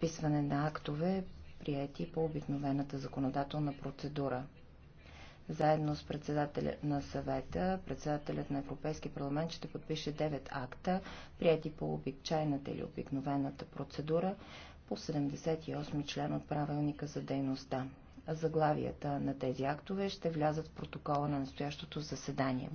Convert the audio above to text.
подписване на актове, прияти по обикновената законодателна процедура. Заедно с председателя на съвета, председателят на Европейски парламент ще подпише 9 акта, прияти по обичайната или обикновената процедура по 78 член от правилника за дейността. Заглавията на тези актове ще влязат в протокола на настоящото заседание.